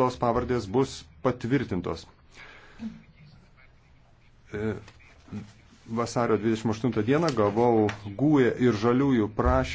tos pavardės bus patvirtintos. E, vasario 28 dieną gavau gūję ir žaliųjų prašymą